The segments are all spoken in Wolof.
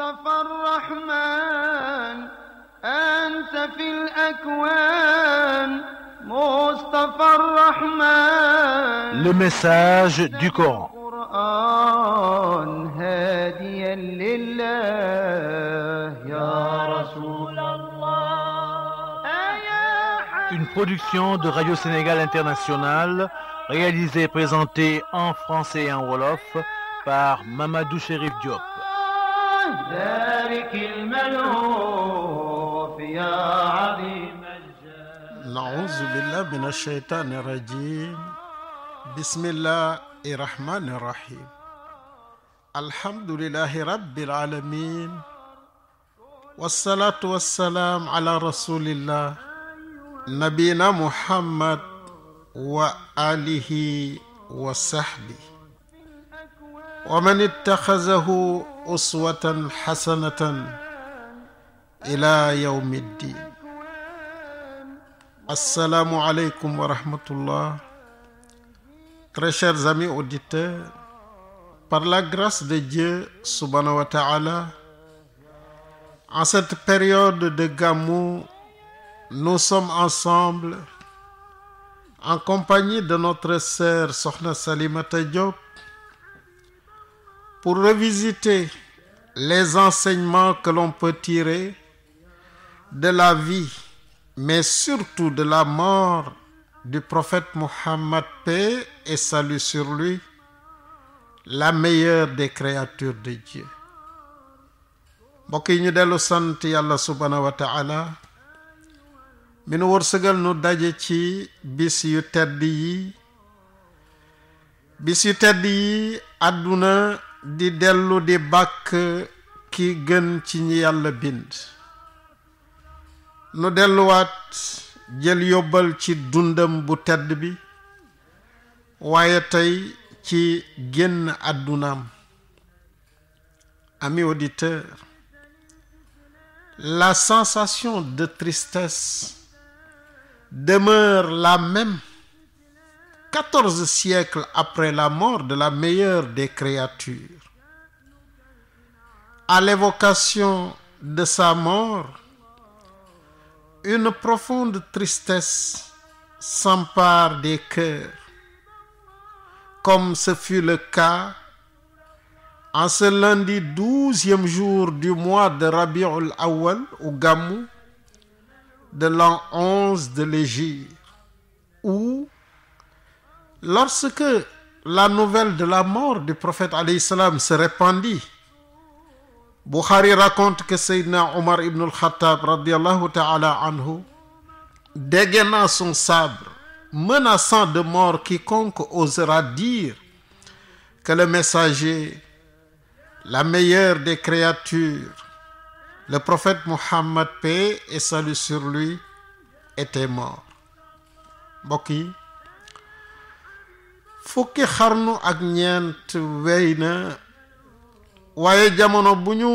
المصطفى الرحمن أنت Le message du Coran القرآن هاديا لله يا رسول Une production de Radio Sénégal International réalisée présentée en français et en wolof par Mamadou Chérif Diop. ذلك الملهوف يا عظيم الجاه نعوذ بالله من الشيطان الرجيم بسم الله الرحمن الرحيم الحمد لله رب العالمين والصلاة والسلام على رسول الله نبينا محمد وآله وصحبه ومن اتخذه uswatan xasanatan ila yawmi ddin assalaamu aleykum auditeurs par la grâce de Dieu subhanahu wa ta'ala en cette période de Gamou nous sommes ensemble en compagnie de notre sœur Sokhna Salimata Diop pour revisiter les enseignements que l'on peut tirer de la vie, mais surtout de la mort du prophète Mohammed, paix et salut sur lui, la meilleure des créatures de Dieu. mbokk yi ñu dellu sant yàlla subhaanahu wa ta'ala mi nu nu daje ci bis yu tedd bis yu tedd yi àdduna di dellu di bàkk ki gën ci ñi yàlla bind nu delluwaat jël yóbbal ci dundam bu tedd bi waaye tey ci génn àddunaam ami auditeur la sensation de tristesse demeure la même quatorze siècles après la mort de la meilleure des créatures à l'évocation de sa mort une profonde tristesse s'empare des cœurs comme ce fut le cas en ce lundi douzième jour du mois de Rabiul Awal au Gamou de l'an de l'Hégire où lorsque la nouvelle de la mort du prophète alayhi salam se répandit Bukhari raconte que Seydina Omar ibn al-Khattab son sabre menaçant de mort quiconque osera dire que le messager la meilleure des créatures le prophète Muhammad paix et salut sur lui était mort yi fukki xarnu ak ñeent wey na waaye jamono bu ñu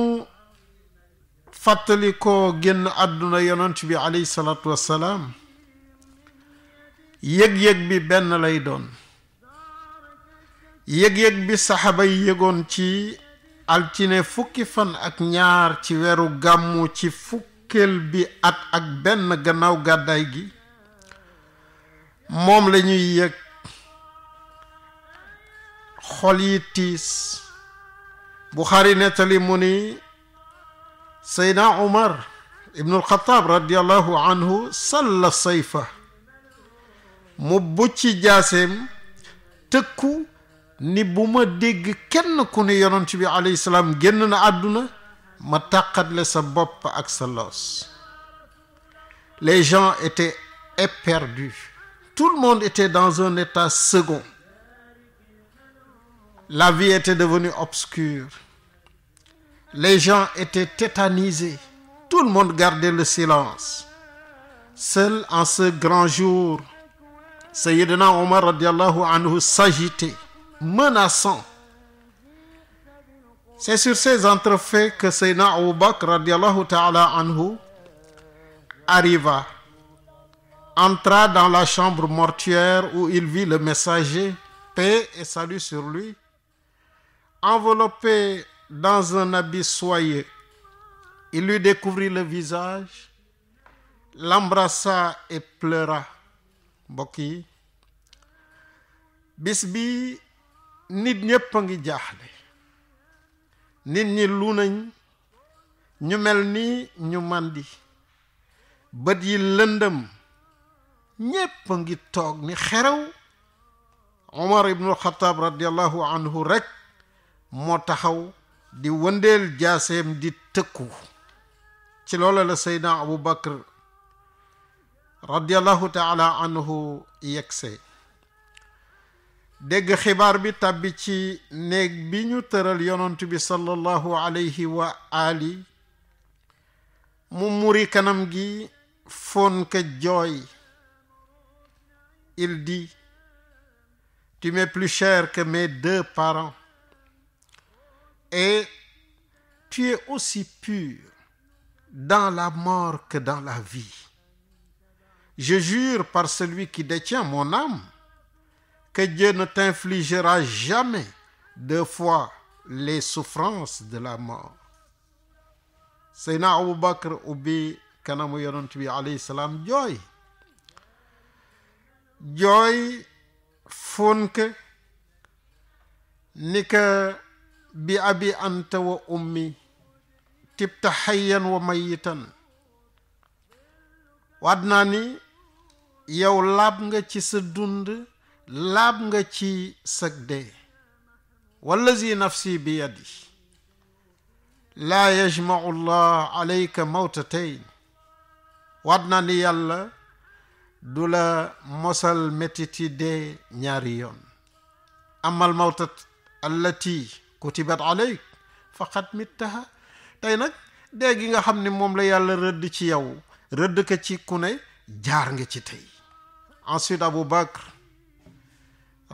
fàttali ko génn àdduna yonent bi alayhi salaatu wassalaam yëg-yëg bi benn lay doon yëg-yëg bi saxaaba yëgoon ci altine fukki fan ak ñaar ci weeru gàmmu ci fukkeel bi at ak benn gannaaw gàddaay gi moom lañuy ñuy yëg xol yi tiis Buxaari nettali mu ni Seydina Umar ibnul Xataab radiallahu anhu salla sayfa mu bucci jaaseem tëkku ni bu ma dégg kenn ku ne yonent bi alayhi salaam génn na àdduna ma tàqatle sa bopp ak sa loos les gens étaient éperdus tout le monde était dans un état second La vie était devenue obscure. Les gens étaient tétanisés. Tout le monde gardait le silence. Seul en ce grand jour, Sayyidina Omar radiallahu anhu s'agitait, menaçant. C'est sur ces entrefaits que Sayyidina Abu Bakr arriva, entra dans la chambre mortuaire où il vit le messager, paix et salut sur lui. enveloppé dans un habit soyeux. Il lui découvrit le visage, l'embrassa et pleura. mbokk yi bis bi nit ñépp a ngi jaaxle nit ñi lu nañ ñu mel ni ñu màndi bët yi lëndëm ñépp a ngi toog ni xerew Omar ibnul Xataab radiallahu anhu rekk moo taxaw di wëndeel jaaseem di tëkku ci loola la seydna abu bakr radiallahu taala anhu yegse dégg xibaar bi tàbbi ci néeg bi ñu tëral yonent bi sallallahu alayhi wa ali mu muri kanam gi foon ka jooy il dit tu plus cher que mes deux parents et tu es aussi pur dans la mort que dans la vie. Je jure par celui qui détient mon âme que Dieu ne t'infligera jamais deux fois les souffrances de la mort. Seyna Abu Bakr ubbi kanamu yonent bi alayhi salaam jooy jooy fonk ni bi abi anta wa ummi tibta xayyan wa mayitan waat naa ni yow laab nga ci sa dund laab nga ci sag dee wallazi nafsi bi yadi laa yajmau llah alayka waat naa ni yàlla du la mosal metiti dee ñaari yoon amal mawtat allati kutibat aleyk faqat mittaha tey nag dee gi nga xam ne moom la yàlla rëdd ci yow rëdd ko ci ku jaar nga ci tey ensuite Abu Bakr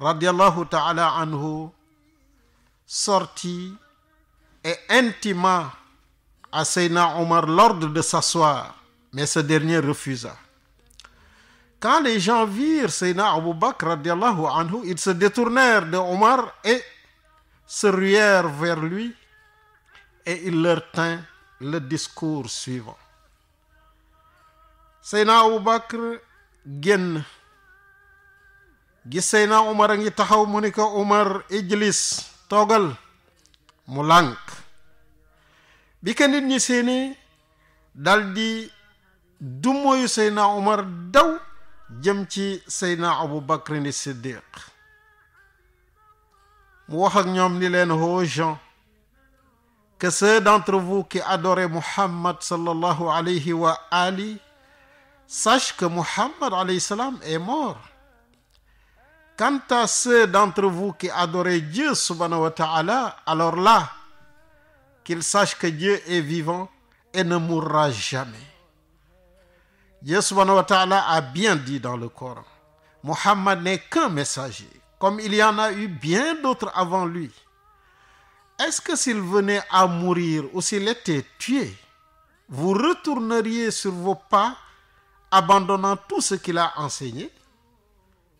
radiallahu taala anhu sortit et intima à Seyna Omar l'ordre de s'asseoir mais ce dernier refusa quand les gens virent Seyna Abu Bakr radiallahu anhu ils se détournèrent de Omar se ruèrent vers lui et il leur tint le discours suivant Seyna Aboubakr génn gis Seyna Omar a ngi taxaw mu ni ijlis toogal mu lànk bi ko nit ñi seeni daldi di du mooyu Seyna Omar daw jëm ci Seyna Aboubakr ni Siddiq mu wax ak ñoom ni leen ô gens que ceux d'entre vous qui adorez Muhammad sallallahu alayhi wa ali que Muhammad alayhi est mort quant à ceux d'entre vous qui adorez Dieu subhanahu wa alors là qu'ils sachent que Dieu est vivant et ne mourra jamais Dieu subhanahu wa a bien dit dans le Coran Muhammad n'est qu'un messager comme il y en a eu bien d'autres avant lui est-ce que s'il venait à mourir ou s'il était tué vous retourneriez sur vos pas abandonnant tout ce qu'il a enseigné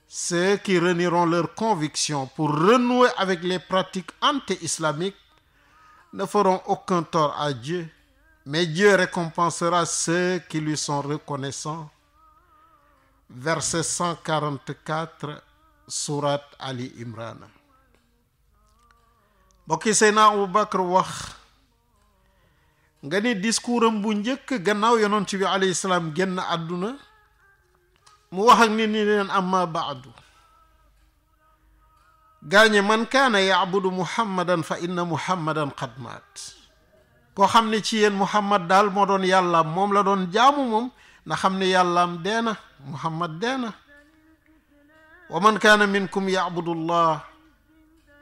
ceux qui renieront leurs convictions pour renouer avec les pratiques anti-islamiques ne feront aucun tort à Dieu mais Dieu récompensera ceux qui lui sont reconnaissants verset surat ali imrana bokki seyna abubakar wax nga ni discours am bu njëkk gannaaw yonent bi alayhi salaam génn àdduna mu wax ak nit ñi leen amma baadu gaañe man kaana yaabudu muhammadan fa inna muhammadan qad koo xam ne ci yéen muhammad daal moo doon yàllaam moom la doon jaamu moom na xam ne yàllaam deena muhammad deena wa man kaana minkum yacbudu allah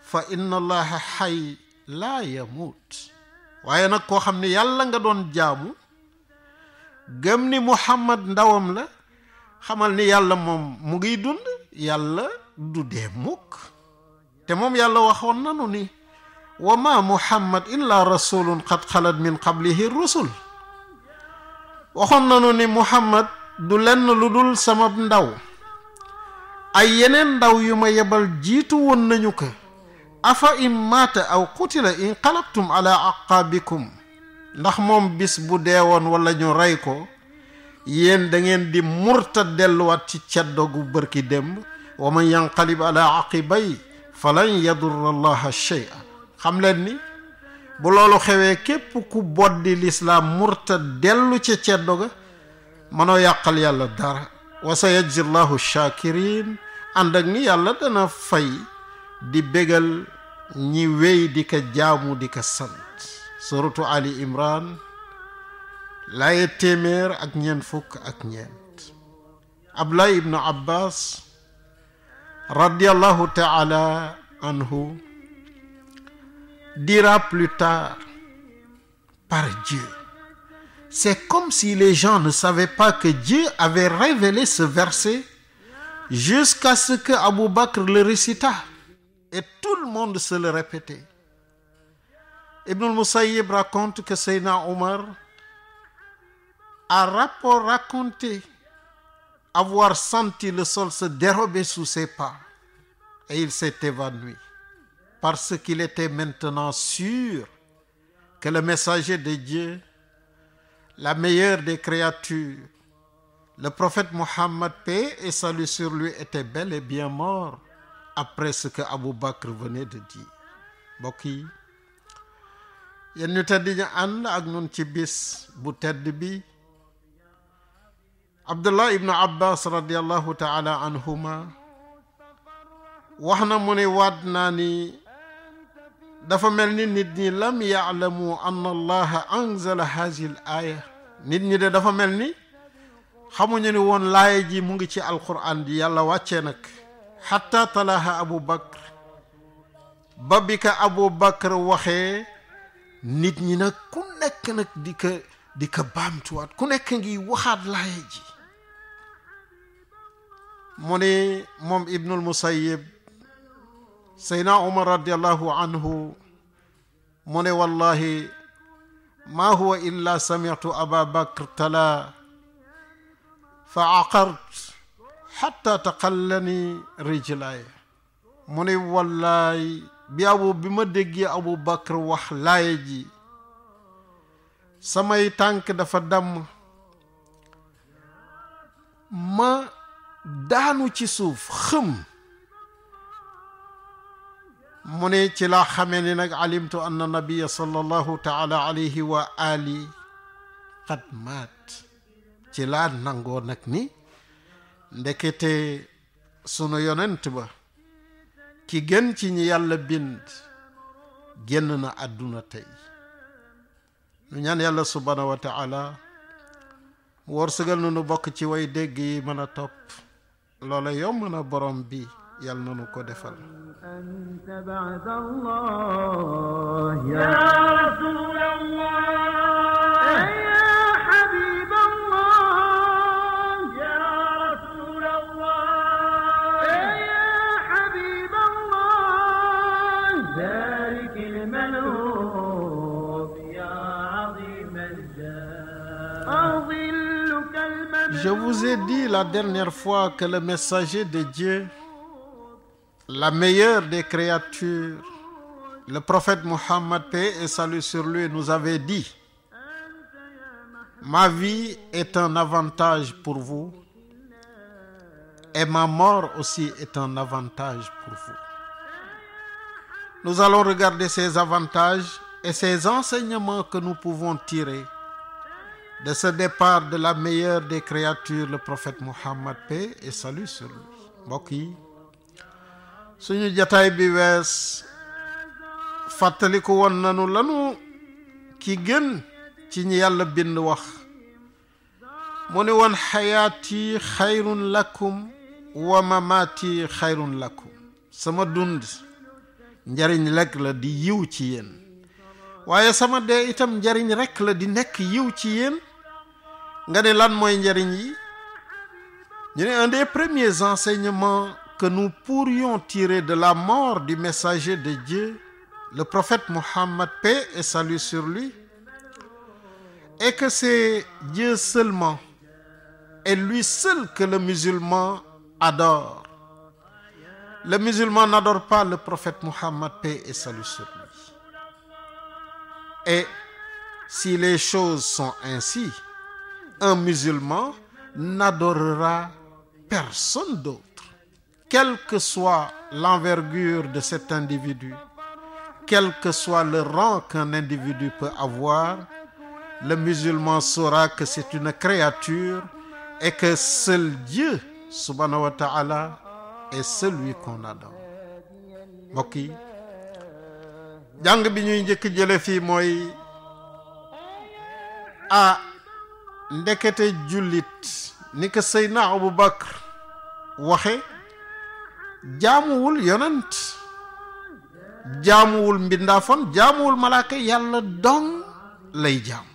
fa inna allaha xay laa yamuut waaye nag koo xam ne yàlla nga doon jaamu gëm ni muhammad ndawam la xamal ni yàlla moom mu ngiy dund yàlla du dee te moom yàlla waxoon nanu ni wa ma muhammad illa rasulun qad xalat min qablihi rusul waxoon nanu ni muhammad du lenn lu dul samab ndaw ay yeneen ndaw yu ma yebal jiitu woon nañu ko afa in aw qutila inqalabtum ala aqaabikum ndax moom bis bu deewoon wala ñu rey ko yéen dangeen di murta delluwaat ci ceddo gu bërki démb wa man yanqalib ala aqibay falan yadurra allaha shay'a xam leen ni bu loolu xewee képp ku boddi lislaam murta dellu ca ceddo ga mënoo yàqal yàlla dara wa sa yajzi llahu shakirin ànd ak ni yàlla dana fay di bégal ñi wéy di ka jaamu di ka sant suratu ali imran laaye téeméer ak ñeent fukk ak ñeent abdullah ibnu abbas radiallahu taala anhu dira plus tard par Dieu c'est comme si les gens ne savaient pas que Dieu avait révélé ce verset jusqu'à ce que Abu Bakr le récita et tout le monde se le répétait Ibn al-Musayyib raconte que Seyna Omar a rapport raconté avoir senti le sol se dérober sous ses pas et il s'est évanoui parce qu'il était maintenant sûr que le messager de Dieu, la meilleure des créatures, Le prophète Mohammed, paix et sur lui, était bel bien mort après ce que Abu Bakr venait de dire mbokk yi yéen ñu ak nun ci bis bu tedd bi Abdullah ibnu Abbas radiallahu taala anhuma wax na mu ne waat naa ni dafa mel ni nit ñi lam yaalamu anna allaha anzala haazihil aaya nit ñi de dafa mel ni xamuñu ni woon laaya ji mu ngi ci alquran di yàlla wàccee nag xatta talaaha abu bakr ba bi abu bakr waxee nit ñi nag ku nekk di ka di ka ku nekk ngi waxaat laaya ji mu ni moom ibnul musayib seydna umar anhu mu wallahi maa huwa illa samitu aba bakr tala fa aqart xatta taqallani rijlaay mu ne wallaay bi abu bi ma déggee abu bakar wax laay ji samay tànk dafa damm ma daanu ci suuf xëm mu ne ci laa xamee ni nag alimtu anna nabiya sallallahu taala alayhi wa ali qad maat ci laa nangoo nag ni ndekete sunu yonent ba ki gën ci ñi yàlla bind génn na àdduna tey ñu ñaan yàlla subhaanahu wa taala mu wërsëgal nu nu bokk ci way dégg yi mën a topp loola yomb na borom bi yàlla na nu ko defal Je vous ai dit la dernière fois que le messager de Dieu, la meilleure des créatures, le prophète Mohammed, paix et salut sur lui, nous avait dit, ma vie est un avantage pour vous et ma mort aussi est un avantage pour vous. Nous allons regarder ces avantages et ces enseignements que nous pouvons tirer de ce départ de la meilleure des créatures le prophète Muhammad paix et salut sur lui mbokk yi suñu jataay bi wees fàttali ko woon nanu lanu ki gën ci ñi yàlla bind wax mu ni woon xayaati xayrun lakkum wa mamaati xayrun lakum sama dund njariñ rekk la di yiw ci yéen waaye sama dee itam njariñ rekk la di nekk yiw ci yéen nga ne lan mooy njariñ yi ñu un des premiers enseignements que nous pourrions tirer de la mort du messager de Dieu le prophète Mohammed paix et salut sur lui est que c'est Dieu seulement et lui seul que le musulman adore le musulman n'adore pas le prophète Mohammed paix et salut sur lui et si les choses sont ainsi un musulman n'adorera personne d'autre. Quelle que soit l'envergure de cet individu, quel que soit le rang qu'un individu peut avoir, le musulman saura que c'est une créature et que seul Dieu subhanahu wa ta'ala est celui qu'on adore mbokk yi jàng bi ñuy njëkk jële fii mooy ah, ndekete jullit ni ko Seydina Abubakar waxe jaamuwul yonent jaamuwul mbindaafon jaamuwul malaaka yàlla dong lay jaam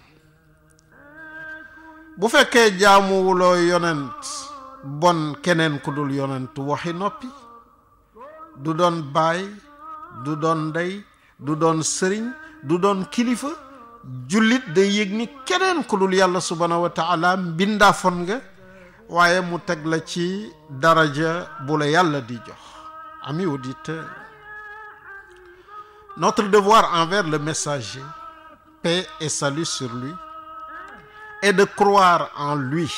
bu fekkee jaamuwuloo yonent bon keneen ku dul yonent waxi noppi du doon baay du doon ndey du doon sëriñ du doon kilifa jullit de yëg ni keneen ku dul yàlla subhaanahu wa taala mbindaafoon nga waaye mu teg la ci daraja bu la yàlla di jox ami auditeur notre devoir envers le messager paix et salut sur lui est de croire en lui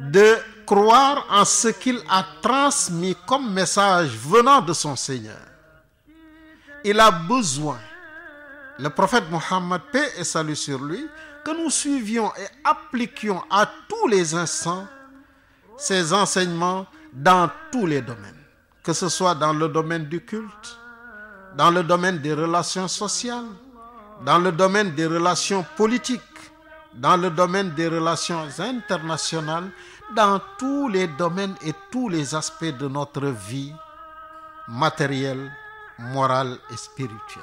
de croire en ce qu'il a transmis comme message venant de son Seigneur il a besoin le prophète Mohammed, paix et salut sur lui, que nous suivions et appliquions à tous les instants ses enseignements dans tous les domaines, que ce soit dans le domaine du culte, dans le domaine des relations sociales, dans le domaine des relations politiques, dans le domaine des relations internationales, dans tous les domaines et tous les aspects de notre vie matérielle, morale et spirituelle.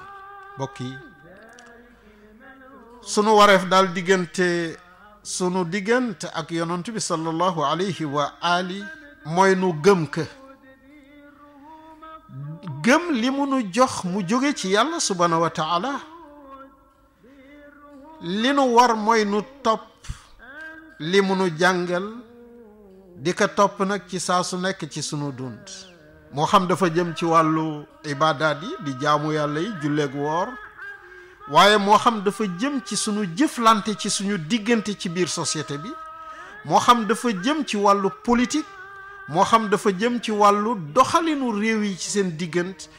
sunu wareef daal diggante sunu diggante ak yonent bi sallallahu alayhi wa ali mooy nu gëm ka gëm li mu nu jox mu jóge ci yàlla subhaanahu wa li nu war mooy nu topp li mu nu jàngal di ko topp nag ci saa su nekk ci sunu dund moo xam dafa jëm ci wàllu ibaadaat yi di jaamu yàlla yi julleeg woor waaye moo xam dafa jëm ci suñu jëflante ci suñu diggante ci biir société bi moo xam dafa jëm ci wàllu politique moo xam dafa jëm ci wàllu doxalinu réew yi ci seen diggante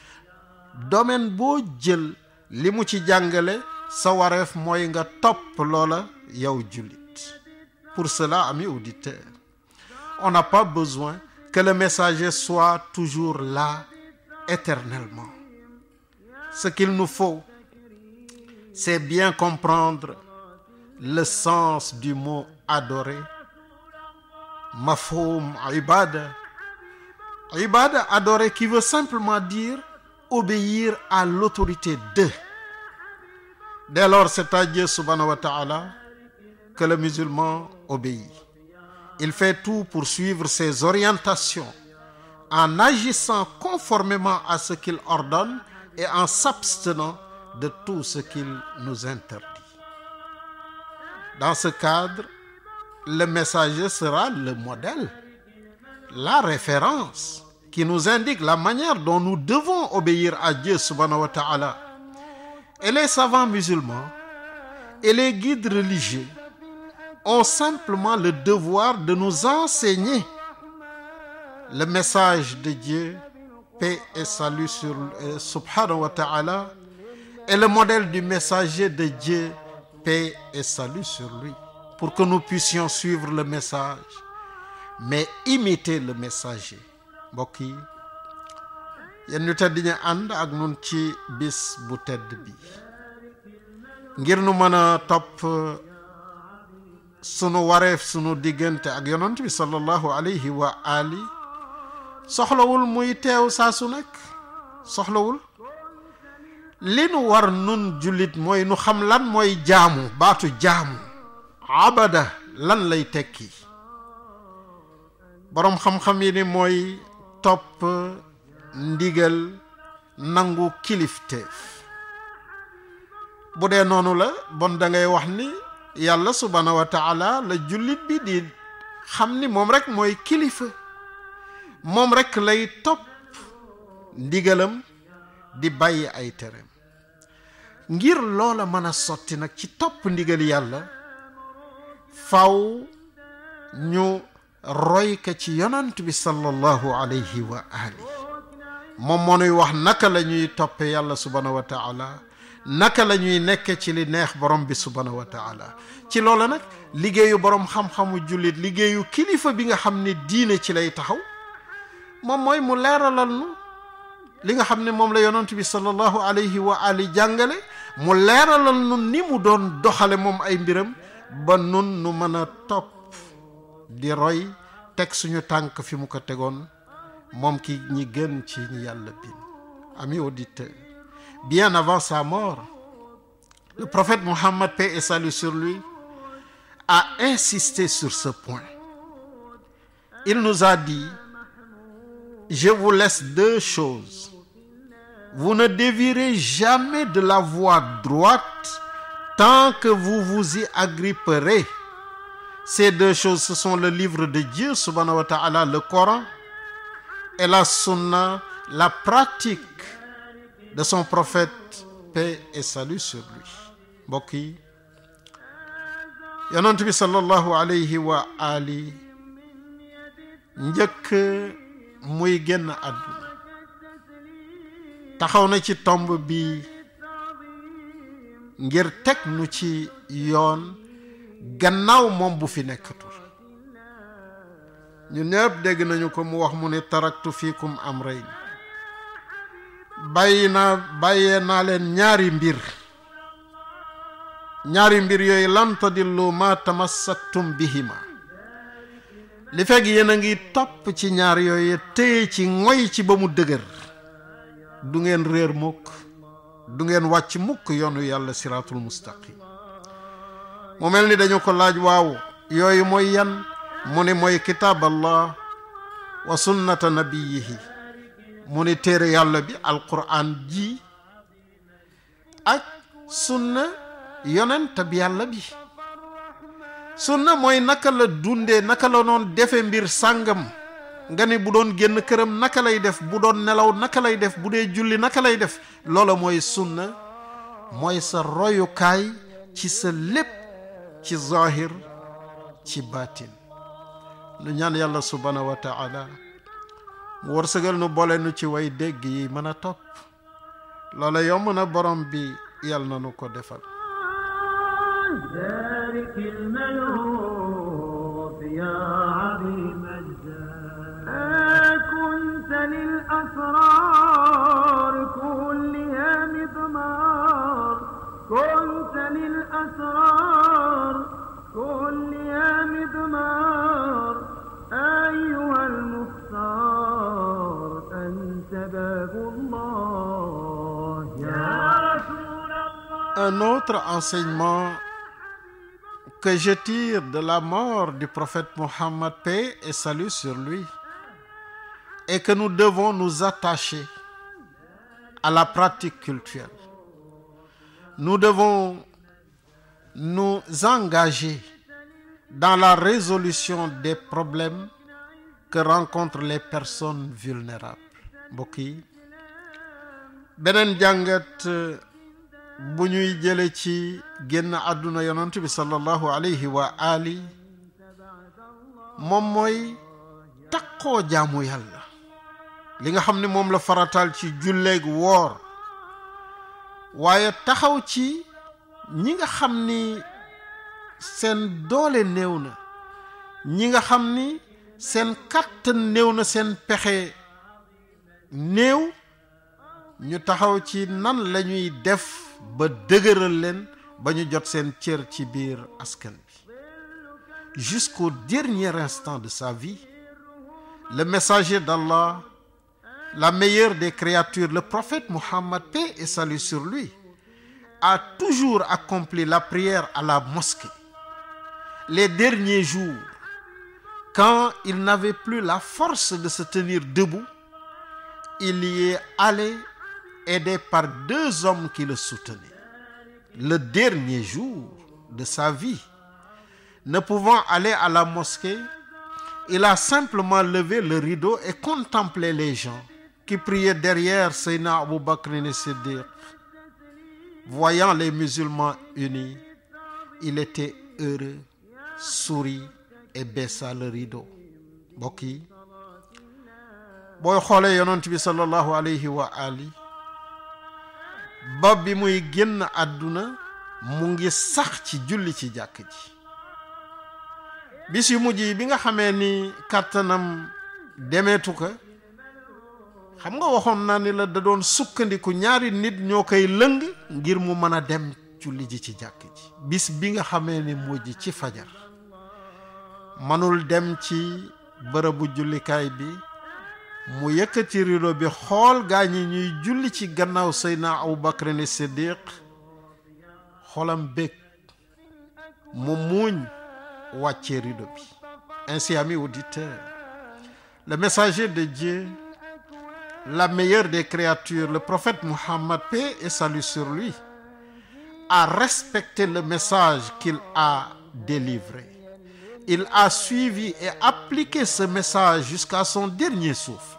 domaine boo jël li mu ci jàngale sa wareef mooy nga topp loola yow jullit pour cela ami auditeurs on n'a pas besoin que le messager soit toujours là éternellement ce qu'il nous c'est bien comprendre le sens du mot adorer mafhoum ibada ibada adorer qui veut simplement dire obéir à l'autorité de dès lors c'est à Dieu subhanahu wa que le musulman obéit il fait tout pour suivre ses orientations en agissant conformément à ce qu'il ordonne et en s'abstenant de tout ce qu'il Dans ce cadre, le messager sera le modèle, la référence qui nous indique la manière dont nous devons obéir à Dieu subhanahu wa ta'ala. Et les savants musulmans et les guides religieux ont simplement le devoir de nous enseigner le message de Dieu, paix et salut sur euh, subhanahu wa ta'ala est le modèle du messager de Dieu, paix et salut sur lui, pour que nous puissions suivre le message, mais imiter le messager. mbokk yi yéen ñu tedd ñu ànd ak nun ci bis bu tedd bi ngir nu mën a topp sunu wareef sunu diggante ak yonent bi sallallahu alayhi wa ali soxlawul muy teew saa su nekk soxlawul li nu war nun jullit mooy nu xam lan mooy jaamu baatu jaamu abada lan lay tekki boroom xam-xam yi ni mooy topp ndigal nangu kilifteef bu dee noonu la bon dangay wax ni yàlla subhaanahu wa taala la jullit bi di xam ni moom rekk mooy kilifa moom rekk lay topp ndigalam di bàyyi ay tereem ngir loola mën a sotti nag ci topp ndigal yàlla faw ñu roy ci yonant bi sallallahu ali moom moo nuy wax naka la ñuy toppe yàlla subhanahu wa taala naka lañuy ñuy nekke ci li neex borom bi subhanahu wa taala ci loola nag liggéeyu borom xam-xamu jullit liggéeyu kilifa bi nga xam ni diine ci lay taxaw moom mooy mu leeralal nu li nga xam ne moom la yonant bi sallallahu ali jàngale mu leeralal nun ni mu doon doxale moom ay mbiram ba nun nu mën a topp di roy teg suñu tànk fi mu ko tegoon moom ki ñi gën ci ñi yàlla bind ami auditeurs bien avant sa mort le prophète Mohammed paix et salut sur lui a insisté sur ce point il nous a dit je vous laisse deux choses vous ne dévirez jamais de la voie droite tant que vous vous y agripperez. Ces deux choses, ce sont le livre de Dieu, subhanahu le Coran, et la sunna, la pratique de son prophète, paix et salut sur lui. mbokk yi yonent bi ali njëkk taxaw na ci tomb bi ngir teg nu ci yoon gannaaw moom bu fi nekkatul ñu ñépp dégg nañu ko mu wax mu ne taraktu fiikum am rey bàyyi naa bàyyee naa leen ñaari mbir ñaari mbir yooyu lan tadillu ma tamassaktum bihima li fekk yéen a ngi topp ci ñaar yooyu téye ci ngoy ci ba mu dëgër du ngeen réer mukk du ngeen wàcc mukk yoonu yàlla siraatul mustaqim mu mel ni dañu ko laaj waaw yooyu mooy yan mu ni mooy kitaab allah wa sunnata nabiyihi mu ni téere yàlla bi alquran ji ak sunna yonentab yàlla bi sunna mooy naka la dundee naka la noon defe mbir sàngam nga ne bu doon génn këram naka lay def bu doon nelaw naka lay def bu dee julli naka lay def loola mooy sunna mooy sa royukaay ci sa lépp ci zahir ci baatin nu ñaan yàlla subhaanahu wa taala mu wërsëgal nu boole nu ci way dégg yi mën a topp loola yomb na borom bi yàlla na nu ko defal الأسرار كلها مضمار كنت للأسرار كلها مضمار أيها المختار أنت باب الله يا رسول الله Un autre enseignement que je tire de la mort du prophète Mohammed, paix et salut sur lui, et nu nous devons nu attacher à la pratique culturelle. Nous devons nu engager dans la résolution des problèmes que rencontrent les personnes vulnérables mbokk yi beneen jàngat euh, bu ñuy jële ci génn àdduna yonent sallallahu alayhi wa ali moom mooy takkoo jaamu yàlla li nga xam ne moom la faratal ci julleeg woor waaye taxaw ci ñi nga xam ni seen doole néew na ñi nga xam ni seen kàttan néew na seen pexe néew ñu taxaw ci nan lañuy def ba dëgëral leen ba ñu jot seen cër ci biir askan bi jusqu'au dernier instant de sa vie le messager d'Allah la meilleure des créatures, le prophète Mohammed, paix et salut sur lui, a toujours accompli la prière à la mosquée. Les derniers jours, quand il n'avait plus la force de se tenir debout, il y est allé aidé par deux hommes qui le soutenaient. Le dernier jour de sa vie, ne pouvant aller à la mosquée, il a simplement levé le rideau et contemplé les gens qui priait derrière Seyna Abou Bakr Siddiq. Voyant les musulmans unis, il et baissa le rideau. mbokk yi booy xoole yonent bi sallallahu alayhi ali ba bi muy génn àdduna mu ngi sax ci julli ci jàkk ji bis yu mujj yi bi nga xamee ni kàttanam demeetu xam nga waxoon naa ni la da doon sukkandiku ñaari nit ñoo koy lëng ngir mu mën a dem julli ci jàkk ji bis bi nga xamee ni mujj ci fajar mënul dem ci bërëbu jullikaay bi mu yëkkati rido bi xool gaa ñi ñuy julli ci gannaaw Seydina Abu Bakr ni Siddiq xolam mu muuñ wàccee rido bi ainsi amis auditeurs le messager de Dieu la meilleure des créatures, le prophète Muhammad, paix et salut sur lui, a respecté le message qu'il a délivré. Il a suivi et appliqué ce message jusqu'à son dernier souffle.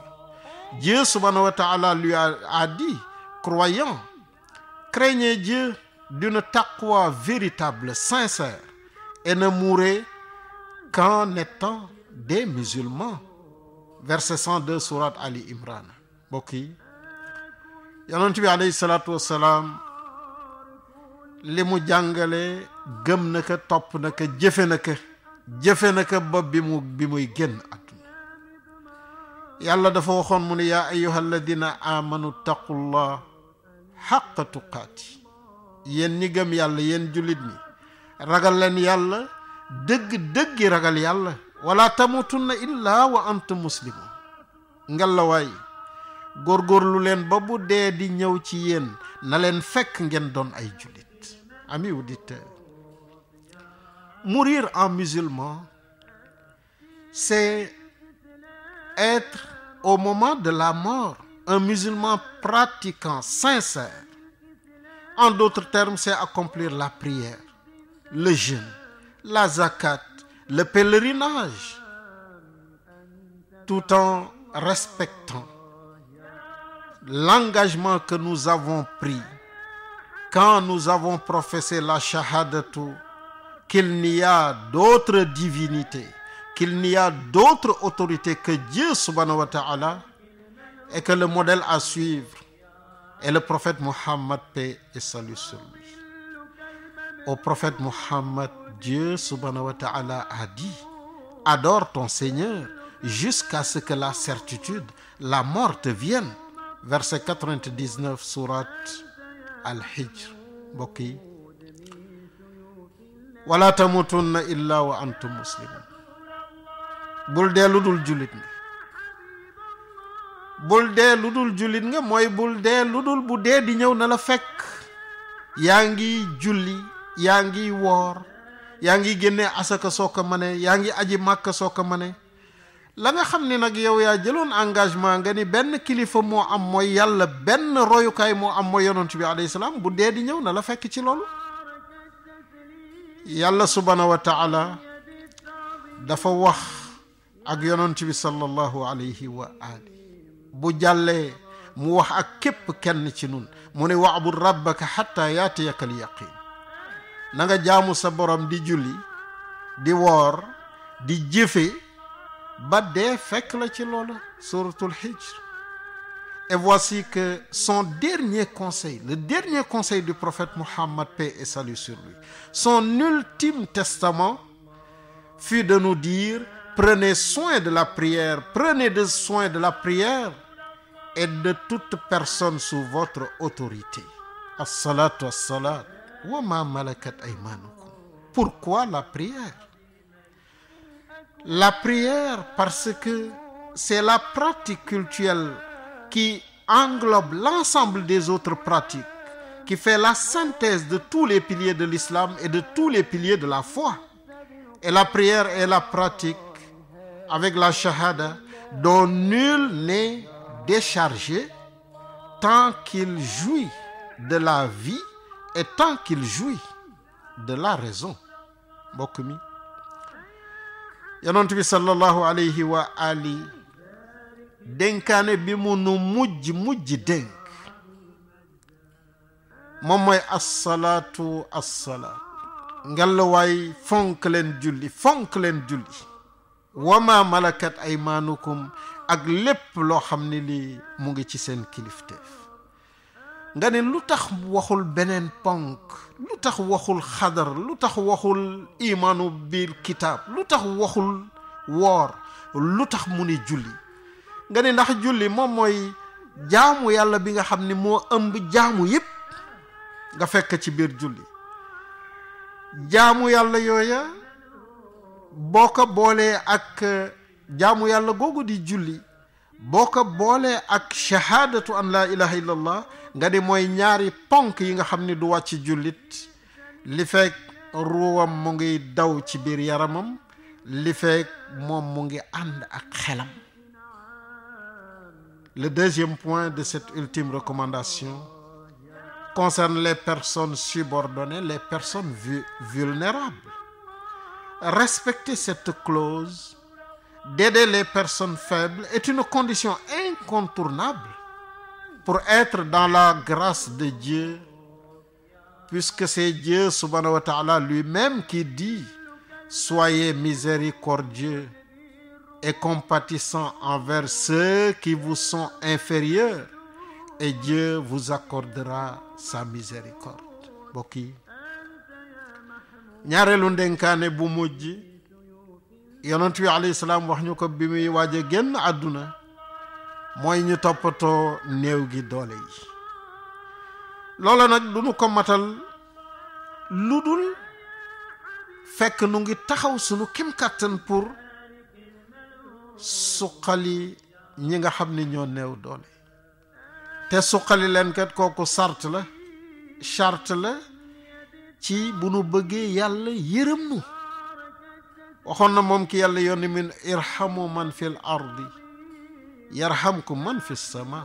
Dieu subhanahu wa ta'ala lui a, a dit, croyant, craignez Dieu d'une taqwa véritable, sincère, et ne mourrez qu'en étant des musulmans. bokk yi yonent bi alayhi salaatu wassalaam li mu jàngale gëm na ko topp na ko jëfe na ko jëfe na ko ba bi mu bi muy génn àdduna yàlla dafa waxoon mu ne yaa ayyuha alladina amanu taqullah xaqa tuqaati yéen ñi gëm yàlla yéen jullit mi ragal leen yàlla dëgg dëggi ragal yàlla wala tamutunna illa wa antum muslimun ngalla waay góorgóorlu leen ba bu dee di ñëw ci yéen na leen fekk ngeen doon ay jullit amis auditeurs mourir en musulman c'est être au moment de la mort un musulman pratiquant sincère en d'autres termes c'est accomplir la prière le jeûne la zakat le pèlerinage tout en respectant l'engagement que nous avons pris quand nous avons professé la shahadatou qu'il n'y a d'autre divinité qu'il n'y a d'autre autorité que Dieu subhanahu wa ta'ala et que le modèle à suivre est le prophète Mohammed paix et salut sur lui au prophète Mohammed Dieu subhanahu a dit adore ton Seigneur jusqu'à ce que la certitude la mort te vienne verset 99 surat al yi wala tamutunna illa wa antum muslimun bul dee lu dul jullit nga mooy bul dee lu dul bu dee di ñëw na la fekk yaa ngi julli yaa ngi woor yaa ngi génne asaka soo ko mënee yaa ngi aji màkka soo ko mënee la nga xam ni nag yow yaa jëloon engagement nga ni benn kilifa moo am mooy yàlla benn royukaay moo am mooy yonent bi salaam bu dee di ñëw na la fekk ci loolu yàlla subhaanahu wa taala dafa wax ak yonent bi sallallahu alayhi wa ali bu jàllee mu wax ak képp kenn ci nun mu ne waabud rabbaka xatta yaatiyaka alyaqin na nanga jaamu sa borom di julli di woor di jëfe ba dee fekk la ci loolu suratul hijr et voici que son dernier conseil le dernier conseil du prophète Muhammad paix et salut sur lui son ultime testament fut de nous dire prenez soin de la prière prenez de soin de la prière et de toute personne sous votre autorité assalatu assalat wa ma malakat pourquoi la prière la prière parce que c'est la pratique cultuelle qui englobe l'ensemble des autres pratiques, qui fait la synthèse de tous les piliers de l'islam et de tous les piliers de la foi. Et la prière est la pratique avec la shahada dont nul n'est déchargé tant qu'il jouit de la vie et tant qu'il jouit de la raison mbokk mi yonent bi sallallahu alayhi wa ali dénkaane bi mu nu mujj mujj dénk moom mooy assalaatu assalaat ngelawaay fonk leen julli fonk leen julli wama malakat ay maanukum ak lépp loo xam ni lii mu ngi ci seen kilifteef nga ne lu tax waxul beneen ponk lu tax waxul xadar lu tax waxul imaanu bil kitaab lu tax waxul woor lu tax mu ne julli nga ni ndax julli moom mooy jaamu yàlla bi nga xam ni moo ëmb jaamu yépp nga fekk ci biir julli jaamu yàlla yooya boo ko boolee ak uh, jaamu yàlla googu di julli boo ko boolee ak shahaadatu an laa ilaha illallah nga di mooy ñaari ponk yi nga xam ni du wàcc jullit li fekk ruuwam mu ngi daw ci biir yaramam li fekk moom mu ngi ànd ak xelam le deuxième point de cette ultime recommandation concerne les personnes subordonnées les personnes vulnérables respecter cette clause d'aider les personnes faibles est une condition incontournable pour être dans la grâce de Dieu, puisque c'est Dieu subhanahu wa ta'ala lui-même qui dit, soyez miséricordieux et compatissant envers ceux qui vous sont inférieurs et Dieu vous accordera sa miséricorde mbokk yi ñaareelu ndenkaane bu mujj yonent bi alayhi salaam wax ñu ko bi muy waaj a àdduna mooy ñu toppatoo néew gi doole yi loola nag du nu ko matal lu dul fekk nu ngi taxaw sunu kem kàttan pour suqali ñi nga xam ni ñoo néew doole te suqali leen kat kooku sart la charte la ci bu nu bëggee yàlla yërëm nu waxoon na moom ki yàlla yoon min irhamu man ardi yarhamkum man fi sama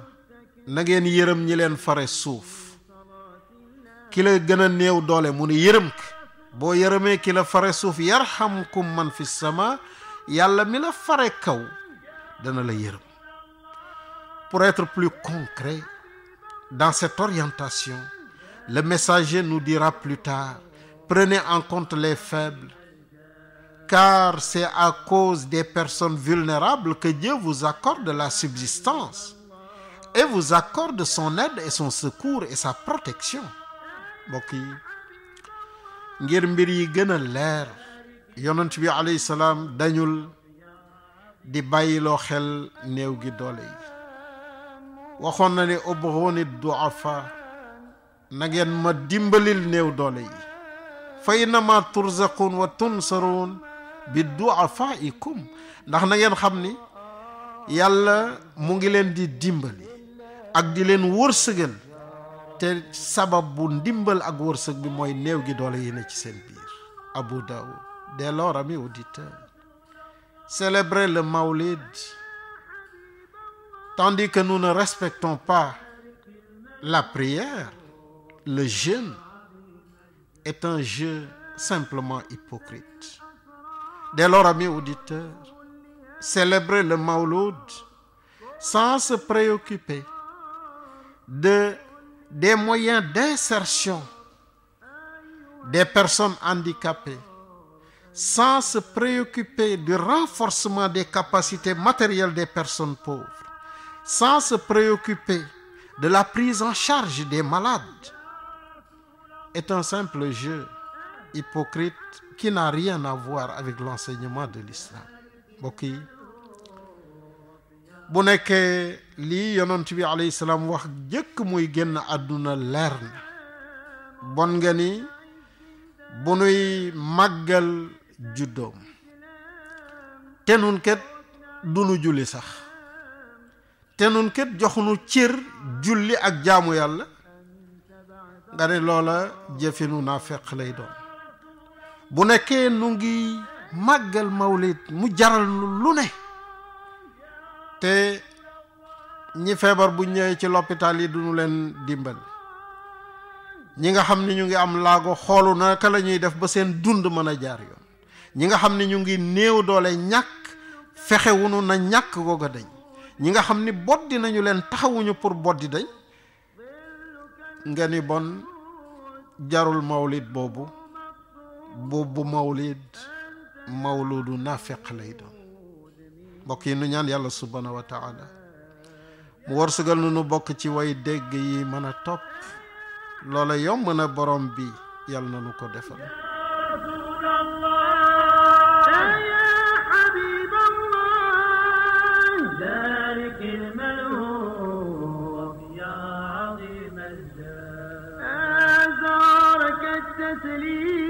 na ngeen yërëm ñi leen fare suuf ki la gën a néew doole mu ne yërëm ko boo yërëmee ki la fare suuf yar yarhamkum man fi sama yàlla mi la fare kaw dana la yërëm pour être plus concret dans cette orientation le messager nous dira plus tard prenez en compte les faibles car c'est à cause des personnes vulnérables que Dieu vous accorde la subsistance et vous accorde son aide et son secours et sa protection mbokk yi ngir mbir yi gën a leer yonent bi alayhi dañul di bàyyiloo xel néew gi doole yi waxoon na ne ubghuni du'afa na ma dimbalil néew doole yi fa innama turzaqun wa tunsaruun bi du'afaikum ndax na ngeen xam ni yàlla mu ngi leen di dimbali ak di leen wërsëgal te sabab bu ndimbal ak wërsëg bi mooy néew gi doole yi ne ci seen biir Abu Daoud dès lors amis auditeurs célébrez le Mawlid tandis que nu ne respectons pas la prière le jeûne est un jeu simplement hypocrite Dès lors, amis auditeurs, célébrer le Mawlud sans se préoccuper de des moyens d'insertion des personnes handicapées, sans se préoccuper du renforcement des capacités matérielles des personnes pauvres, sans se préoccuper de la prise en charge des malades, est un simple jeu hypocrite qui n'a rien à voir avec l'enseignement de l'islam mbokk yi bu nekkee lii yonent bi alayhi salaam wax jëkk muy génn àdduna leer na bon nga ni bu nuy màggal juddoom te nun julli sax te nun kat joxunu julli ak jaamu yàlla nga ne loola jëfinu naa feq lay doon bu nekkee nu ngi màggal mawlid mu jaral lu ne te ñi feebar bu ñëwee ci loppitaan yi duñu leen dimbal ñi nga xam ni ñu ngi am laago xoolu naka la ñuy def ba seen dund mën a jaar yoon ñi nga xam ni ñu ngi néew doole ñàkk fexe wunu na ñàkk googa dañ ñi nga xam ni boddi nañu leen taxawuñu pour boddi dañ nga ni bon jarul mawlid boobu boobu mawlid mawludu naafeq lay doon yi nu ñaan yàlla subhaanahu wa taala mu warsugal nu nu bokk ci way dégg yi mën a topp loola yomb na borom bi yàlla na nu ko defal تسليما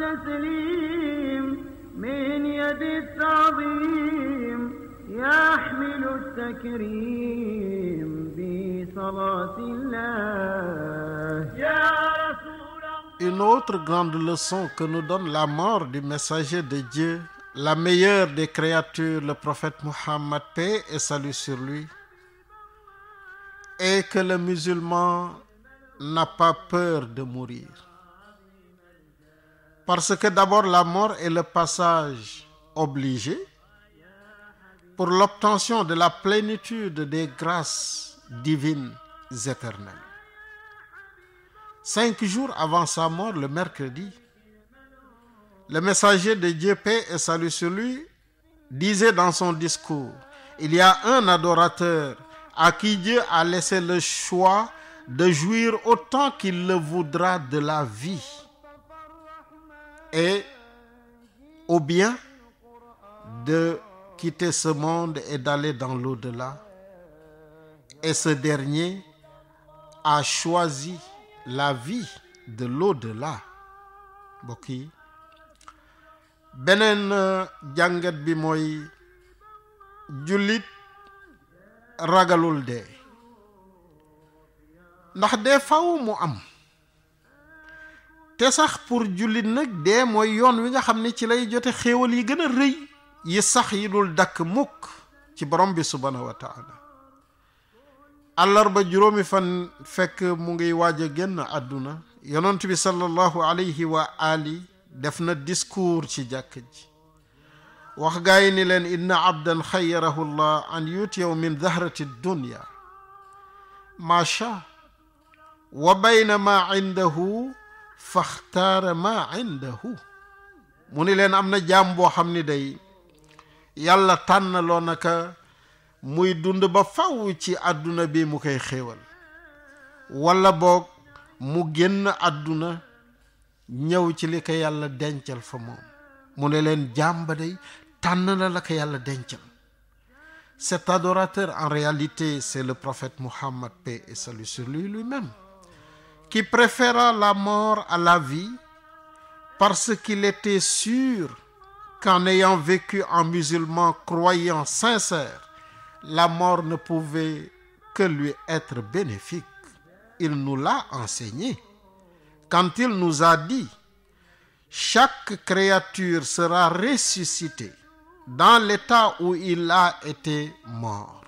التسليم من يد التعظيم يحمل التكريم بصلاة الله يا رسول الله Une autre grande leçon que nous donne la mort du messager de Dieu, la meilleure des créatures, le prophète Muhammad, paix et salut sur lui, est que le musulman n'a pas peur de mourir. Parce que d'abord la mort est le passage obligé pour l'obtention de la plénitude des grâces divines éternelles. Cinq jours avant sa mort, le mercredi, le messager de Dieu, paix et salut sur lui, disait dans son discours, il y a un adorateur à qui Dieu a laissé le choix de jouir autant qu'il le voudra de la vie et ou bien de quitter ce monde et d'aller dans l'au-delà. Et ce dernier a choisi la vie de l'au-delà beneen euh, jàngat bi mooy jullit ragalul dee ndax dee faw mu am te sax pour jullit nag dee mooy yoon wi nga xam ne ci lay jote xéewal yi gën a rëy yi sax yi dul dakk mukk ci borom bi subhaanahu wa taala àllarba juróomi fan fekk mu ngi waaj a génn àdduna yonent bi sallallahu alayhi def na discours ci jàkk ji wax gaa yi ni leen inna abdan xayarahu llah an yutiyaw min zahrati dunya maasha wa bayna ma indahu faxtaara ma indahu mu ni leen am na jaam boo xam ni day yàlla tànnaloo naka muy dund ba faw ci àdduna bi mu koy xéewal walla boog mu génn àdduna ñëw ci li ko yàlla dencal fa moom mu ne leen jaam ba day tànn na la ko yàlla dencal cet adorateur en réalité c'est le prophète Mohammed paix et salut sur lui qui préféra la mort à la vie parce qu'il était sûr qu'en ayant vécu en musulman croyant sincère, la mort ne pouvait que lui être bénéfique. Il nous l'a enseigné quand il nous a dit chaque créature sera ressuscitée dans l'état où il a été mort.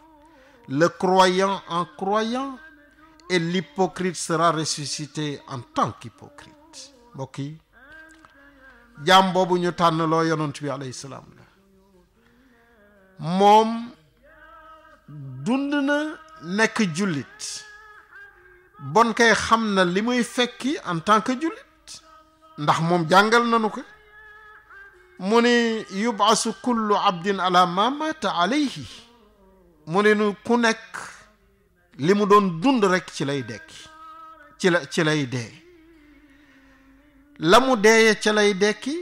Le croyant en croyant et l'hypocrite sera ressuscité en tant qu'hypocrite mbokk yi jaam boobu ñu tànn loo yonent bi alayhi salaam la moom dund na nekk jullit bon kay xam na li muy fekki en tant que jullit ndax moom jàngal nanu ko mu ni yubaasu kullu abdin ala ma mata mu ne nu ku nekk li mu doon dund rekk ci lay dekki ci lay dee la mu deeye ca lay dekki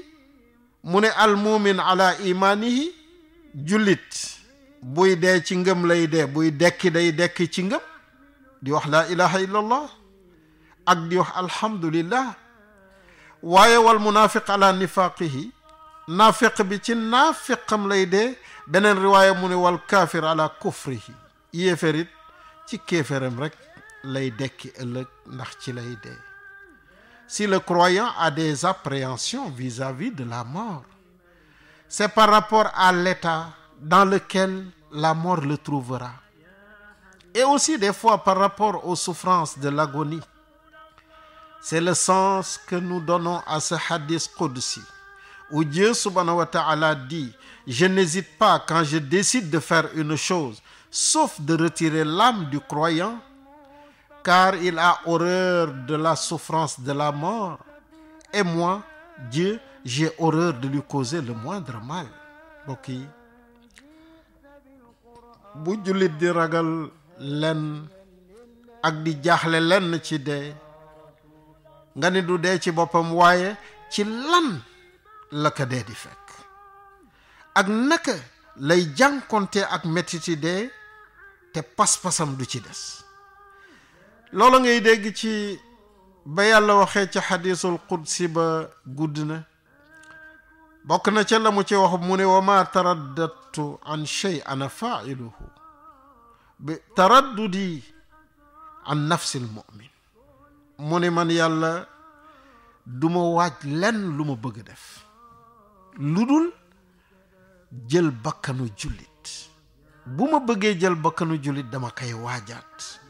mu ne almumin ala imaanihi jullit buy dee ci ngëm lay dee buy dekki day dekki ci ngëm di wax laa ilaha illallah ak di wax alhamdulillah waaye wal munaafiq ala nifaqihi naafiq bi ci naafiqam lay dee beneen riwaaya mu ne wal kaafir ala kufrihi yéeférit ci kéeféram rek lay dekki ëllëg ndax ci lay dee si le croyant a des appréhensions vis-à-vis de la mort c'est par rapport à l'état dans lequel la mort le trouvera et aussi des fois par rapport aux souffrances de l'agonie c'est le sens que nous donnons à ce hadith qudsi où Dieu subhanahu wa ta'ala dit je n'hésite pas quand je décide de faire une chose sauf de retirer l'âme du croyant, car il a horreur de la souffrance de la mort. Et moi, Dieu, j'ai horreur de lui causer le moindre mal. mbokk bu jullit di ragal lenn ak di jaaxle lenn ci dee nga ni du dee ci boppam waaye ci lan la ko dee di fekk ak naka lay jànkonte ak metti ci te pas-pasam du ci des loolu ngay dégg ci ba yàlla waxee ca xadiisul qudsi ba gudd na bokk na ca la mu ci wax mu ne wa ma taraddadtu an shay ana mu ne man yàlla duma ma waaj lenn lu ma bëgg def lu dul jël bakkanu jullit bu ma bëggee jël bakkanu jullit dama koy waajaat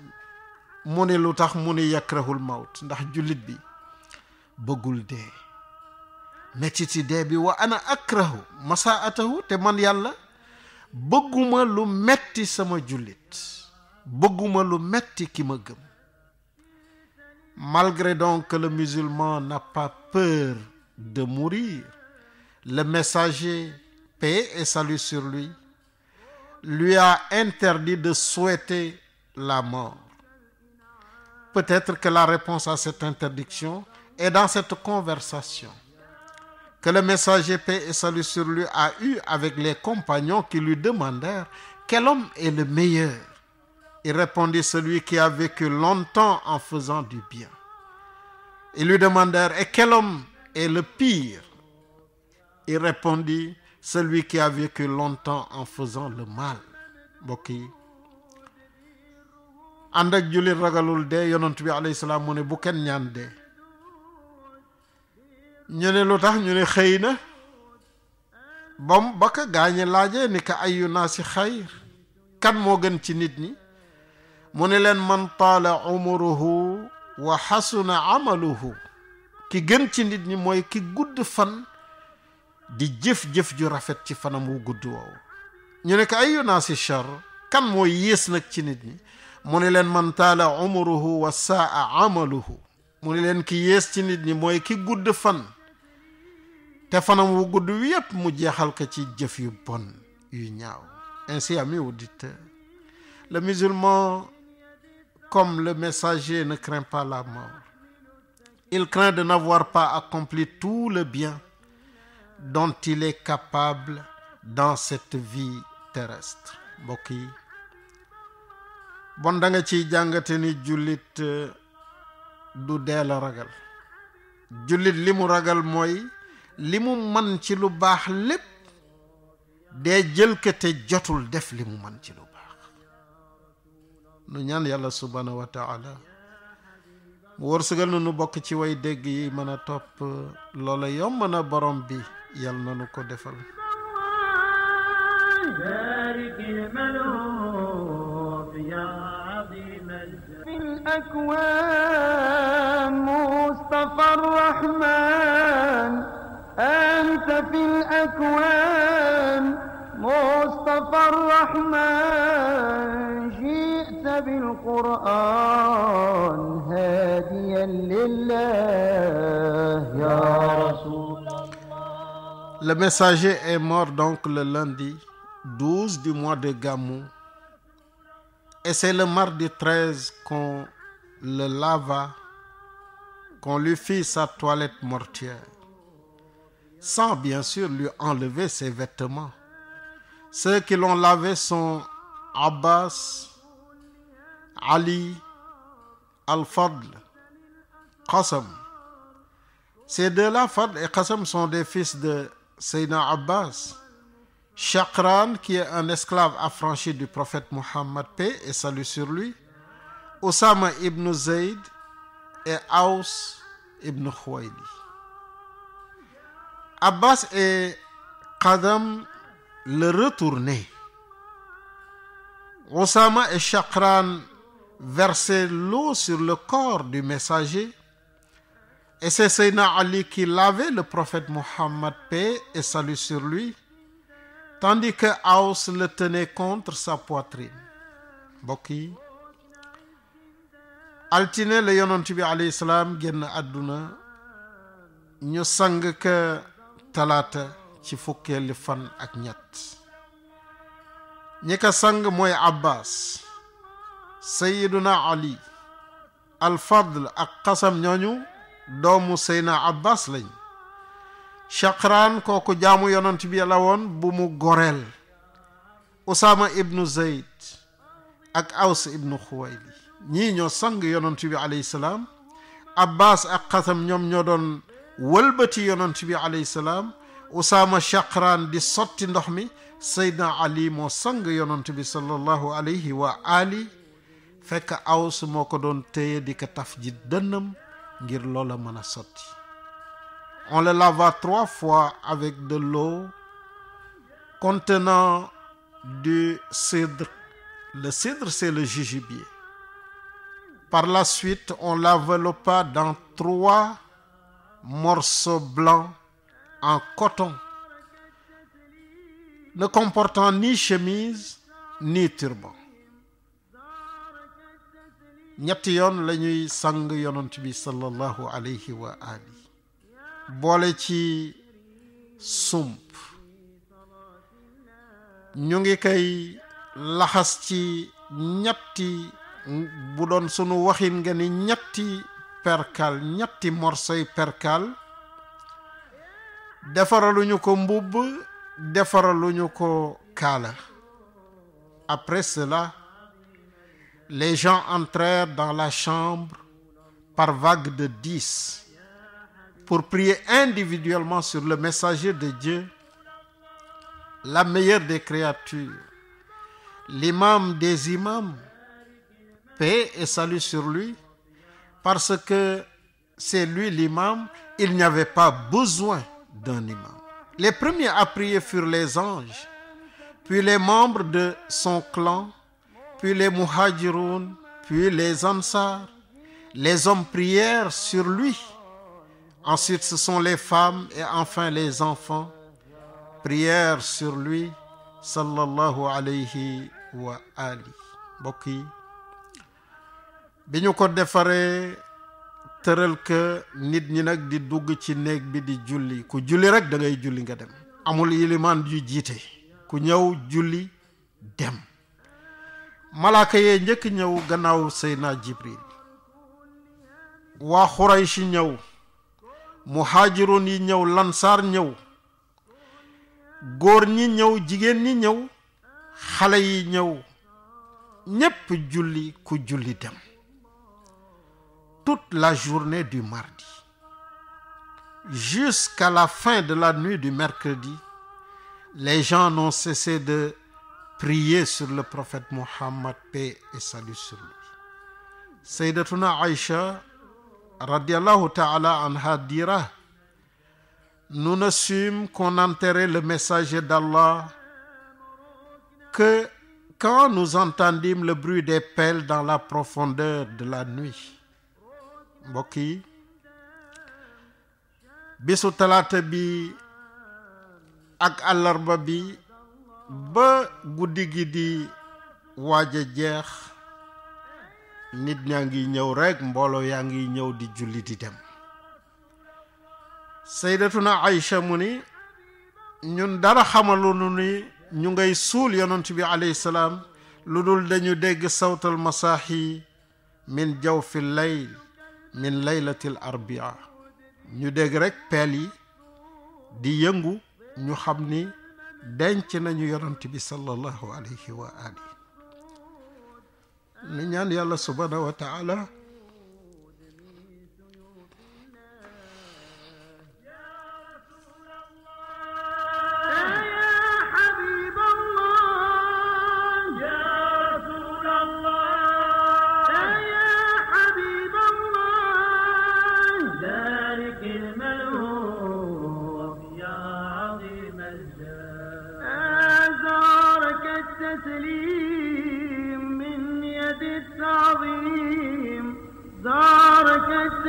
mu ne lu tax mu ne yakrahul mawt ndax jullit bi bëggul dee mettiti dee bi wa ana akrahu masaatahu te man yàlla bëgguma lu metti sama jullit bëgguma lu metti ki ma gëm malgré donc que le musulman n'a peur de mourir le messager paix et salut sur lui lui a interdit de souhaiter la mort. Peut-être que la réponse à cette interdiction est dans cette conversation que le messager paix et salut sur lui a eue avec les compagnons qui lui demandèrent quel homme est le meilleur. Il répondit celui qui a vécu longtemps en faisant du bien. Ils lui demandèrent et quel homme est le pire. Il répondit celui qui a vécu longtemps en faisant le mal mbokk yi ànd ak jullit ragalul dee yonent bi alayhi salaam mu ne bu kenn ñaan dee ñu ne lu tax ñu ne xëy na bam ba ka gaañe laajee ni ka ayu naa si xayr kan moo gën ci nit ñi mu ne leen man taala umuruhu wa xasuna amaluhu ki gën ci nit ñi mooy ki gudd fan di jëf-jëf ju rafet ci fanam wu gudd woowu ñu ne ko ayu naasi char kan mooy yées nag ci nit ñi mu ne leen man taala umruhu wa à amaluhu mu ne leen ki yées ci nit ñi mooy ki gudd fan te fanam wu gudd wi mu jeexal ko ci jëf yu bon yu ñaaw ainsi amis auditeurs le musulman comme le messager ne craint pas la mort il craint de n'avoir pas accompli tout le bien dont il est capable dans cette vie terrestre mbokk yi bon danga nga ciy jàngate ni jullit euh, du dee la ragal jullit li mu ragal mooy li mu man ci lu baax lépp dee jëlkate jotul def li mu man ci lu baax nu ñaan yàlla subhaanahu wa taala mu wërsëgal na nu bokk ci way dégg yi mën a topp loola yomb na borom bi yal na nu ko defal الأكوان مصطفى الرحمن أنت في الأكوان مصطفى الرحمن جئت بالقرآن هاديا لله يا رسول Le messager est mort donc le lundi 12 du mois de Gamou et c'est le mardi 13 qu'on le lava, qu'on lui fit sa toilette mortuaire, sans bien sûr lui enlever ses vêtements. Ceux qui l'ont lavé sont Abbas, Ali, Al-Fadl, Qassam. Ces deux-là, et Qassam, sont des fils de Sayyidina Abbas, Chakran, qui est un esclave affranchi du prophète Mohammed, paix et salut sur lui, Osama ibn Zayd et Aous ibn Khouaili. Abbas et Qadam le retournaient. Osama et Chakran versaient l'eau sur le corps du messager Et c'est Seyna Ali qui lavait le prophète Mohammed paix et salut sur lui, tandis que Aws le tenait sa poitrine. mbokk yi altine la yonent bi alayhi salaam génn àdduna ñu sang ka talaata ci fukkeeli fan ak ñett ñi ka sang mooy abbas sayiduna ali alfadl ak xasam ñooñu doomu Seyna Abbas lañ Chaqraan kooku jaamu yonent bi la woon bu mu goreel Usaama ibnu Zeyd ak Aws ibnu Xuwayli ñii ñoo sang yonent bi alayhi salaam Abbas ak Xasam ñoom ñoo doon wëlbati yonent bi alayhi salaam Usaama Chaqraan di sotti ndox mi Seydna Ali moo sang yonent bi sallallahu alayhi wa ali fekk Aws moo ko doon téye di ko taf ji dënnam ngir loola mën a sotti on le lava trois fois avec de l'eau contenant du cidre le cidre c'est le jujubier par la suite on l'enveloppa dans trois morceaux blancs en coton ne comportant ni chemise ni turban ñetti yoon lañuy sang yonant bi sallallahu alayhi wa ali boole ci sump ñu ngi kay laxas ci ñetti bu doon sunu waxin nga ni ñetti perkal ñetti morsoy perkaal defaraluñu ko mbubb defaraluñu ko kaala après les gens entrèrent dans la chambre par vagues de dix pour prier individuellement sur le messager de Dieu, la meilleure des créatures, l'imam des imams, paix et salut sur lui, parce que c'est lui l'imam, il n'y avait pas besoin d'un imam. Les premiers à prier furent les anges, puis les membres de son clan puis les muhajiroun, puis les ansars. Les hommes prièrent sur lui. Ensuite, ce sont les femmes et enfin les enfants prièrent sur lui sallallahu alayhi wa ali mbokk yi bi ñu ko defaree tëral ka nit ñi nag di dugg ci néeg bi di julli ku julli rek da ngay julli nga dem amul ilimaan yu jiite ku ñëw julli dem malaaka yee njëkk ñëw gannaaw seydna jibril waa xuraysh ñëw muhaajiroon yi ñëw lansaar ñëw góor ñi ñëw jigéen ñi ñëw xale yi ñëw ñépp julli ku julli dem toute la journée du mardi jusqu'à la fin de la nuit du mercredi les gens n'ont cessé prier sur le prophète Mohammed, paix et ta'ala anha, dira Nous ne sûmes qu'on enterrait le messager d'Allah que quand nous entendîmes le bruit des pelles dans la profondeur de la nuit. mbokk yi bisu talaata bi ak àllarba ba guddi gi di waaj jeex nit ñaa ngi ñëw rekk mbooloo yaa ngi ñëw di julli di dem saydatuna Aïcha mu ni ñun dara xamalunu ni ñu ngay suul yonent bi alayhi salaam lu dul dañu dégg sawtal masaaxi min jawfi layl min laylatil arbia ñu dégg rekk peel yi di yëngu ñu xam ni denc nañu yonant bi sallallahu alayhi wa ali ni ñaan yàlla subhanahu wa taala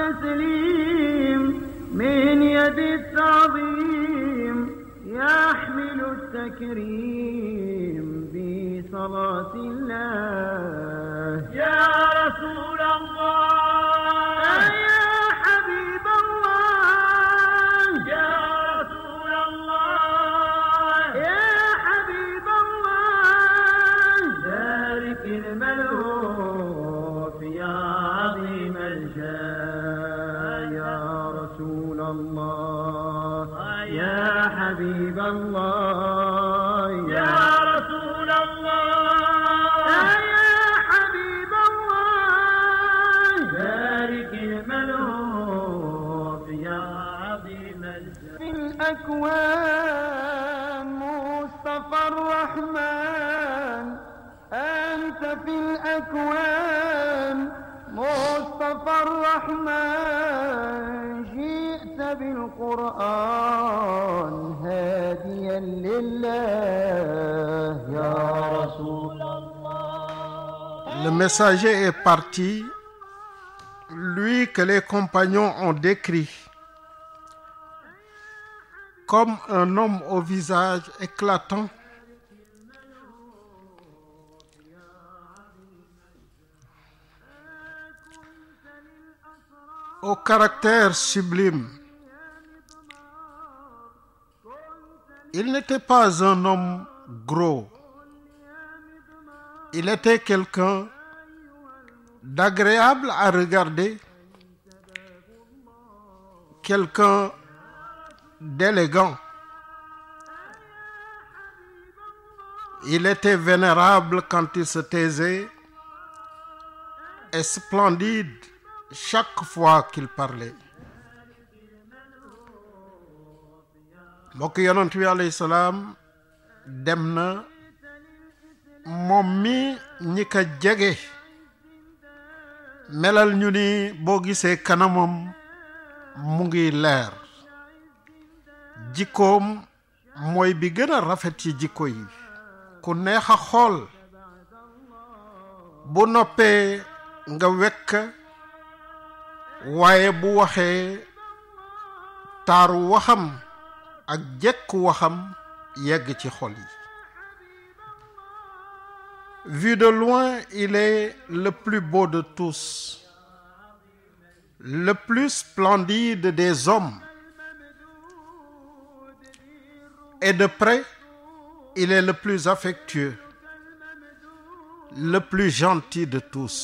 التسليم من يد التعظيم يحمل التكريم بصلاة الله الله يا رسول الله يا حبيب الله بارك الملوك يا عظيم الجلال من أكوان مصطفى الرحمن أنت في الأكوان مصطفى الرحمن بالقرآن هاديا Le messager est parti, lui que les compagnons ont décrit comme un homme au visage éclatant, au caractère sublime. Il n'était pas un homme gros. Il était quelqu'un d'agréable à regarder, quelqu'un d'élégant. Il était vénérable quand il se taisait et splendide chaque fois qu'il parlait. mbokk yonent wi alayhi salaam dem na moom mi ñi ko jege melal ñu ni boo gisee kanamam mu ngi leer jikkoom mooy bi gën a rafet yi jikko yi ku neexa xool bu noppee nga wekk waaye bu waxee taaru waxam ak jekk waxam yegg ci xol yi vu de loin il est le plus beau de tous le plus splendide des hommes et de près il est le plus affectueux le plus gentil de tous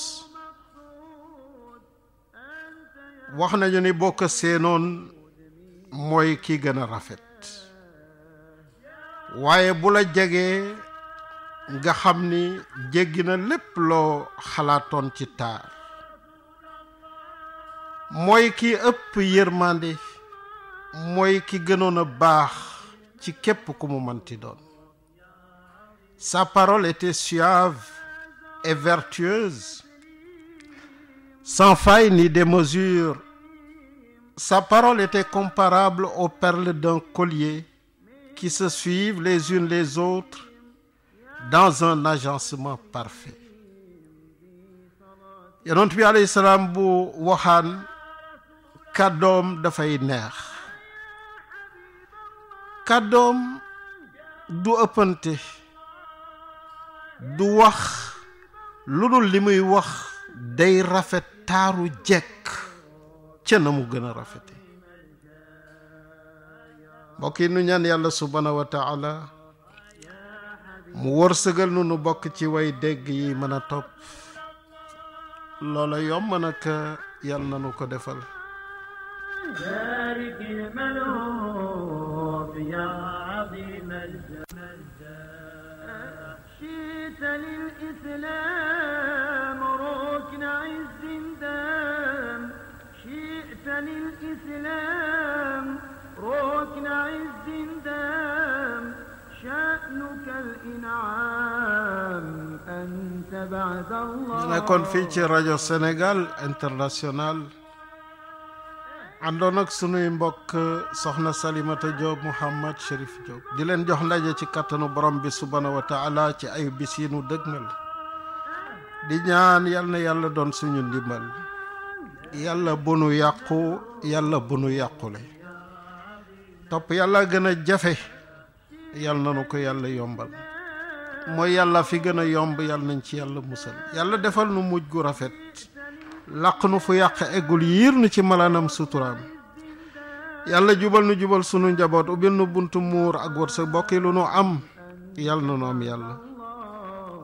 wax nañu ni boo ko seenoon mooy ki gën a rafet waaye bu la jegee nga xam ni jéggi na lépp loo xalaatoon ci taar mooy ki ëpp yërmande mooy ki gënoon a baax ci képp ku mu mënti doon sa parole était suave et vertueuse sans faille ni démesure sa parole était comparable aux perles d'un collier qui se les unes les autres dans un agencement parfait bi alayhi salaam bu waxaan kàddoom dafay neex kàddoom du ëppante du wax lu dul li muy wax day rafet taaru jekk ca na mu gën a rafete mbokk yi nu ñaan yàlla subhaanahu wa taala mu wërsëgal nu nu bokk ci way dégg yi mën a topp loola yomb nag yàlla nu ko defal ñu nekkoon fii ci rajo Sénégal international àndoon ak sunuy mbokk soxna Salimata Diop Mouhamad Chérif Diop di leen jox ndaje ci kàttanu borom bi subhaanahu wa taala ci ay bisiinu yi nu di ñaan yal na yàlla doon suñu ndimbal yàlla bu nu yàqu yàlla bu nu yàqule topp yàlla gën a jafe yal na ko yàlla yombal mooy yàlla fi gën a yomb yal nañ ci yàlla musal yàlla defal nu mujj gu rafet làq nu fu yàq egul yiir nu ci malaanam suturaam yàlla jubal nu jubal sunu njaboot ubbil nu buntu muur ak wërsëg bokki lu nu am yal na nu am yàlla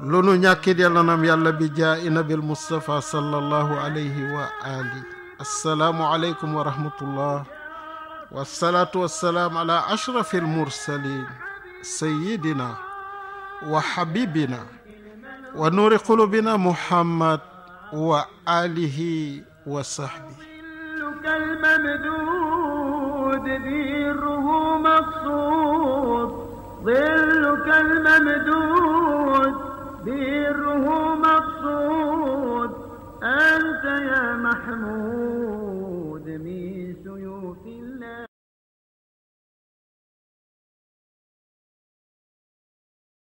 lu nu ñàkkit yal na am yàlla bi jaa i nabil mustafa sallallahu alayhi wa ali assalaamu aleykum wa rahmatullah wasalaatu wassalaam ala ashrafil mursalin سيدنا وحبيبنا ونور قلوبنا محمد وآله وصحبه الممدود ذره مقصود ظلك الممدود ذره مقصود أنت يا محمود